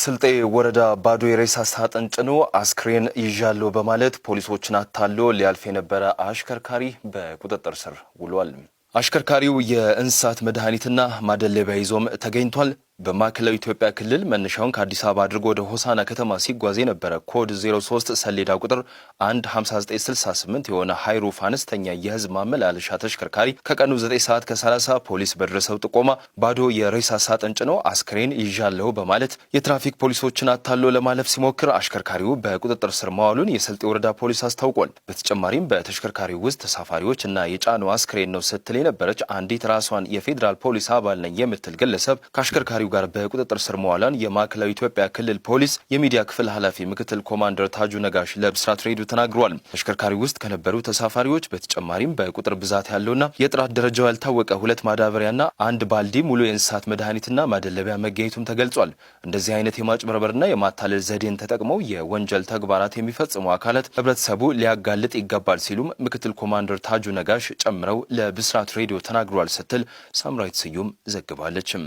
ስልጤ ወረዳ ባዶ የሬሳ ሳጥን ጭኖ አስክሬን ይዣለሁ በማለት ፖሊሶችን አታሎ ሊያልፍ የነበረ አሽከርካሪ በቁጥጥር ስር ውሏል። አሽከርካሪው የእንስሳት መድኃኒትና ማደለቢያ ይዞም ተገኝቷል። በማዕከላዊ ኢትዮጵያ ክልል መነሻውን ከአዲስ አበባ አድርጎ ወደ ሆሳና ከተማ ሲጓዝ የነበረ ኮድ 03 ሰሌዳ ቁጥር 15968 የሆነ ሃይሩፍ አነስተኛ የህዝብ ማመላለሻ ተሽከርካሪ ከቀኑ 9 ሰዓት ከ30 ፖሊስ በደረሰው ጥቆማ ባዶ የሬሳ ሳጥን ጭኖ አስክሬን ይዣለሁ በማለት የትራፊክ ፖሊሶችን አታሎ ለማለፍ ሲሞክር አሽከርካሪው በቁጥጥር ስር መዋሉን የስልጤ ወረዳ ፖሊስ አስታውቋል። በተጨማሪም በተሽከርካሪው ውስጥ ተሳፋሪዎች እና የጫነው አስክሬን ነው ስትል የነበረች አንዲት ራሷን የፌዴራል ፖሊስ አባል ነኝ የምትል ግለሰብ ከአሽከርካሪ ከጠርጣሪው ጋር በቁጥጥር ስር መዋላን የማዕከላዊ ኢትዮጵያ ክልል ፖሊስ የሚዲያ ክፍል ኃላፊ ምክትል ኮማንደር ታጁ ነጋሽ ለብስራት ሬዲዮ ተናግሯል። ተሽከርካሪ ውስጥ ከነበሩ ተሳፋሪዎች በተጨማሪም በቁጥር ብዛት ያለውና የጥራት ደረጃው ያልታወቀ ሁለት ማዳበሪያና አንድ ባልዲ ሙሉ የእንስሳት መድኃኒትና ማደለቢያ መገኘቱም ተገልጿል። እንደዚህ አይነት የማጭበርበርና የማታለል ዘዴን ተጠቅመው የወንጀል ተግባራት የሚፈጽሙ አካላት ህብረተሰቡ ሊያጋልጥ ይገባል ሲሉም ምክትል ኮማንደር ታጁ ነጋሽ ጨምረው ለብስራት ሬዲዮ ተናግሯል ስትል ሳምራዊት ስዩም ዘግባለችም።